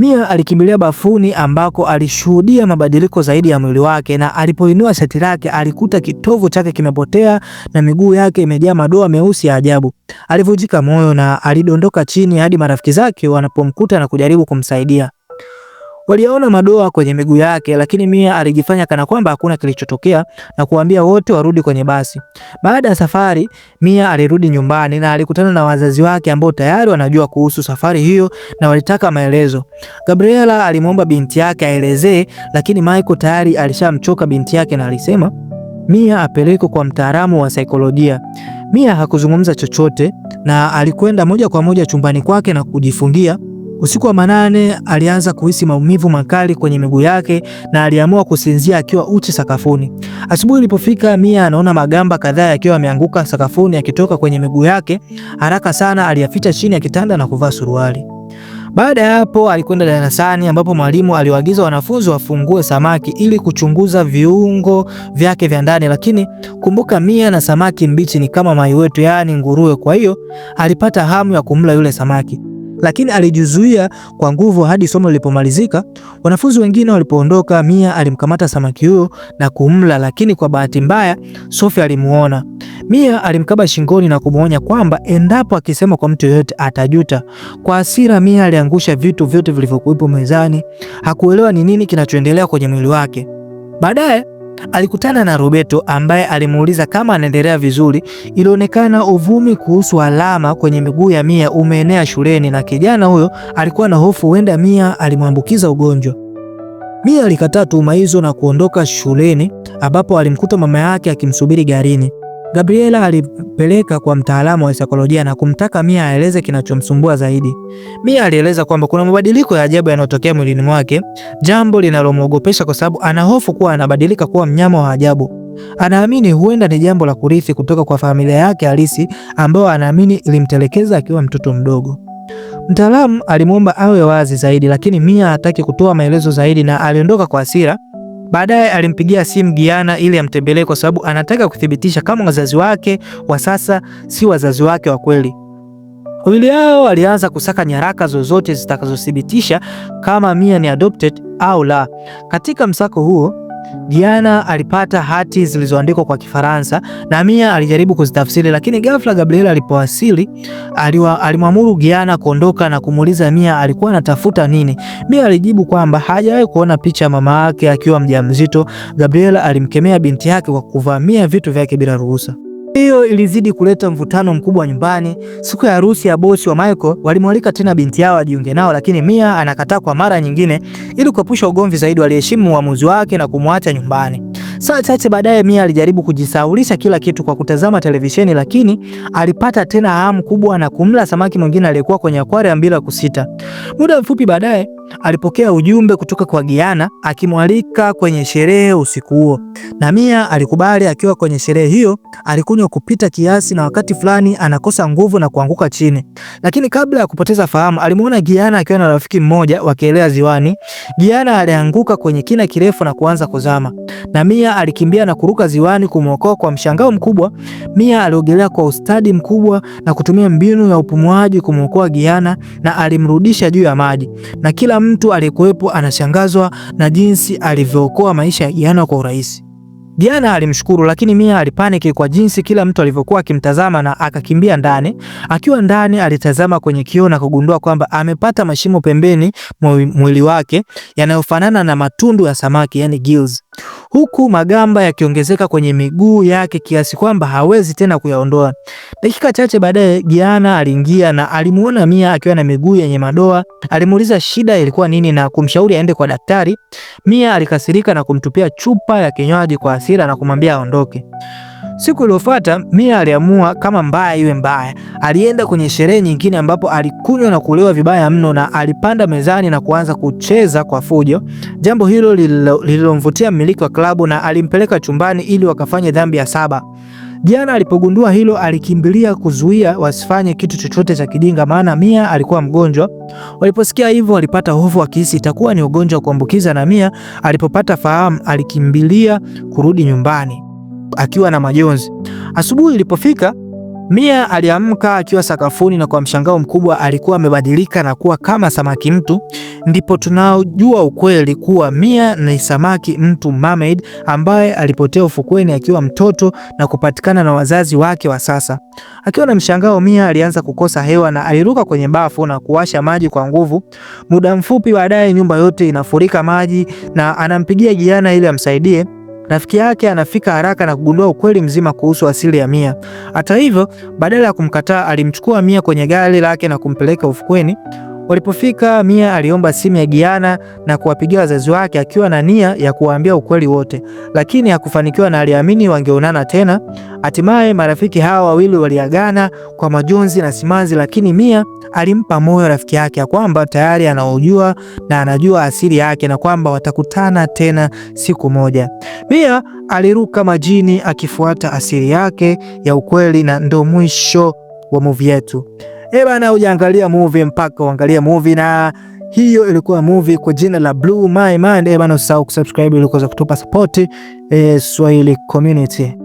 Mia alikimbilia bafuni ambako alishuhudia mabadiliko zaidi ya mwili wake, na alipoinua shati lake alikuta kitovu chake kimepotea na miguu yake imejaa madoa meusi ya ajabu. Alivunjika moyo na alidondoka chini hadi marafiki zake wanapomkuta na kujaribu kumsaidia. Waliona madoa kwenye miguu yake, lakini Mia alijifanya kana kwamba hakuna kilichotokea na kuambia wote warudi kwenye basi. Baada ya safari, Mia alirudi nyumbani na alikutana na wazazi wake ambao tayari wanajua kuhusu safari hiyo na walitaka maelezo. Gabriela alimwomba binti yake aelezee, lakini Michael tayari alishamchoka binti yake na alisema Mia apelekwe kwa mtaalamu wa saikolojia. Mia hakuzungumza chochote na alikwenda moja kwa moja chumbani kwake na kujifungia Usiku wa manane alianza kuhisi maumivu makali kwenye miguu yake na aliamua kusinzia akiwa uchi sakafuni. Asubuhi ilipofika, Mia anaona magamba kadhaa yakiwa yameanguka sakafuni yakitoka kwenye miguu yake. Haraka sana aliyaficha chini ya kitanda na kuvaa suruali. Baada ya hapo alikwenda darasani ambapo mwalimu aliwaagiza wanafunzi wafungue samaki ili kuchunguza viungo vyake vya ndani, lakini kumbuka, Mia na samaki mbichi ni kama mai wetu, yaani nguruwe. Kwa hiyo alipata hamu ya kumla yule samaki lakini alijizuia kwa nguvu hadi somo lilipomalizika. Wanafunzi wengine walipoondoka, Mia alimkamata samaki huyo na kumla, lakini kwa bahati mbaya Sophie alimuona. Mia alimkaba shingoni na kumwonya kwamba endapo akisema kwa mtu yoyote atajuta. Kwa hasira, Mia aliangusha vitu vyote vilivyokuwepo mezani. Hakuelewa ni nini kinachoendelea kwenye mwili wake. Baadaye alikutana na Roberto ambaye alimuuliza kama anaendelea vizuri. Ilionekana uvumi kuhusu alama kwenye miguu ya Mia umeenea shuleni na kijana huyo alikuwa na hofu huenda Mia alimwambukiza ugonjwa. Mia alikataa tuhuma hizo na kuondoka shuleni ambapo alimkuta mama yake akimsubiri garini. Gabriela alipeleka kwa mtaalamu wa saikolojia na kumtaka Mia aeleze kinachomsumbua zaidi. Mia alieleza kwamba kuna mabadiliko ya ajabu yanayotokea mwilini mwake, jambo linalomwogopesha kwa sababu ana hofu kuwa anabadilika kuwa mnyama wa ajabu. Anaamini huenda ni jambo la kurithi kutoka kwa familia yake halisi ambayo anaamini ilimtelekeza akiwa mtoto mdogo. Mtaalamu alimwomba awe wazi zaidi, lakini Mia hataki kutoa maelezo zaidi na aliondoka kwa hasira Baadaye alimpigia simu giana ili amtembelee kwa sababu anataka kuthibitisha kama wazazi wake wa sasa si wazazi wake wa kweli. Wawili hao walianza kusaka nyaraka zozote zitakazothibitisha kama Mia ni adopted au la. Katika msako huo Diana alipata hati zilizoandikwa kwa Kifaransa na Mia alijaribu kuzitafsiri, lakini ghafla gabriel alipowasili alimwamuru Diana kuondoka na kumuuliza Mia alikuwa anatafuta nini. Mia alijibu kwamba hajawahi kuona picha ya mama yake akiwa mjamzito. gabriel alimkemea binti yake kwa kuvamia vitu vyake bila ruhusa. Hiyo ilizidi kuleta mvutano mkubwa nyumbani. Siku ya harusi ya bosi wa Michael, walimwalika tena binti yao ajiunge nao, lakini Mia anakataa kwa mara nyingine. Ili kuepusha ugomvi zaidi, waliheshimu uamuzi wake na kumwacha nyumbani. Saa chache baadaye Mia alijaribu kujisahulisha kila kitu kwa kutazama televisheni, lakini alipata tena hamu kubwa na kumla samaki mwingine aliyekuwa kwenye akwarium bila kusita. Muda mfupi baadaye alipokea ujumbe kutoka kwa Giana akimwalika kwenye sherehe usiku huo, na Mia alikubali. Akiwa kwenye sherehe hiyo, alikunywa kupita kiasi na wakati fulani anakosa nguvu na kuanguka chini, lakini kabla ya kupoteza fahamu, alimuona Giana akiwa na rafiki mmoja wakielea ziwani. Giana alianguka kwenye kina kirefu na kuanza kuzama na Mia alikimbia na kuruka ziwani kumwokoa. Kwa mshangao mkubwa, Mia aliogelea kwa ustadi mkubwa na kutumia mbinu ya upumuaji kumwokoa Giana na alimrudisha juu ya maji, na kila mtu aliyekuwepo anashangazwa na jinsi alivyookoa maisha ya Giana kwa urahisi. Diana alimshukuru lakini Mia alipaniki kwa jinsi kila mtu alivyokuwa akimtazama na akakimbia ndani. Akiwa ndani alitazama kwenye kioo na kugundua kwamba amepata mashimo pembeni mwili wake yanayofanana na matundu ya samaki, yani gills huku magamba yakiongezeka kwenye miguu yake kiasi kwamba hawezi tena kuyaondoa. Dakika chache baadaye Giana aliingia na alimuona Mia akiwa na miguu yenye madoa. Alimuuliza shida ilikuwa nini na kumshauri aende kwa daktari. Mia alikasirika na kumtupia chupa ya kinywaji kwa hasira na kumwambia aondoke. Siku iliyofuata Mia aliamua kama mbaya iwe mbaya, alienda kwenye sherehe nyingine ambapo alikunywa na kulewa vibaya mno na alipanda mezani na kuanza kucheza kwa fujo, jambo hilo lililomvutia mmiliki wa klabu na alimpeleka chumbani ili wakafanye dhambi ya saba. Jana alipogundua hilo alikimbilia kuzuia wasifanye kitu chochote cha kijinga, maana Mia alikuwa mgonjwa. Waliposikia hivyo walipata hofu wakihisi itakuwa ni ugonjwa wa kuambukiza, na Mia alipopata fahamu alikimbilia kurudi nyumbani akiwa na majonzi. Asubuhi ilipofika, Mia aliamka akiwa sakafuni na kwa mshangao mkubwa alikuwa amebadilika na kuwa kama samaki mtu. Ndipo tunaojua ukweli kuwa Mia ni samaki mtu mermaid ambaye alipotea ufukweni akiwa mtoto na kupatikana na wazazi wake wa sasa. Akiwa na mshangao, Mia alianza kukosa hewa na aliruka kwenye bafu na kuwasha maji kwa nguvu. Muda mfupi baadaye, nyumba yote inafurika maji na anampigia Jiana ili amsaidie. Rafiki yake anafika haraka na kugundua ukweli mzima kuhusu asili ya Mia. Hata hivyo, badala ya kumkataa, alimchukua Mia kwenye gari lake na kumpeleka ufukweni. Walipofika, Mia aliomba simu ya Giana na kuwapigia wazazi wake akiwa na nia ya kuwaambia ukweli wote, lakini hakufanikiwa na aliamini wangeonana tena. Hatimaye marafiki hawa wawili waliagana kwa majonzi na simanzi, lakini Mia alimpa moyo rafiki yake ya kwamba tayari anaujua na anajua asili yake na kwamba watakutana tena siku moja. Mia aliruka majini akifuata asili yake ya ukweli, na ndo mwisho wa movie yetu. Eh bana, hujaangalia movie mpaka uangalie movie, na hiyo ilikuwa movie kwa jina la Blue My Mind. Eh bana, usahau kusubscribe ili kuweza kutupa support eh, Swahili Community.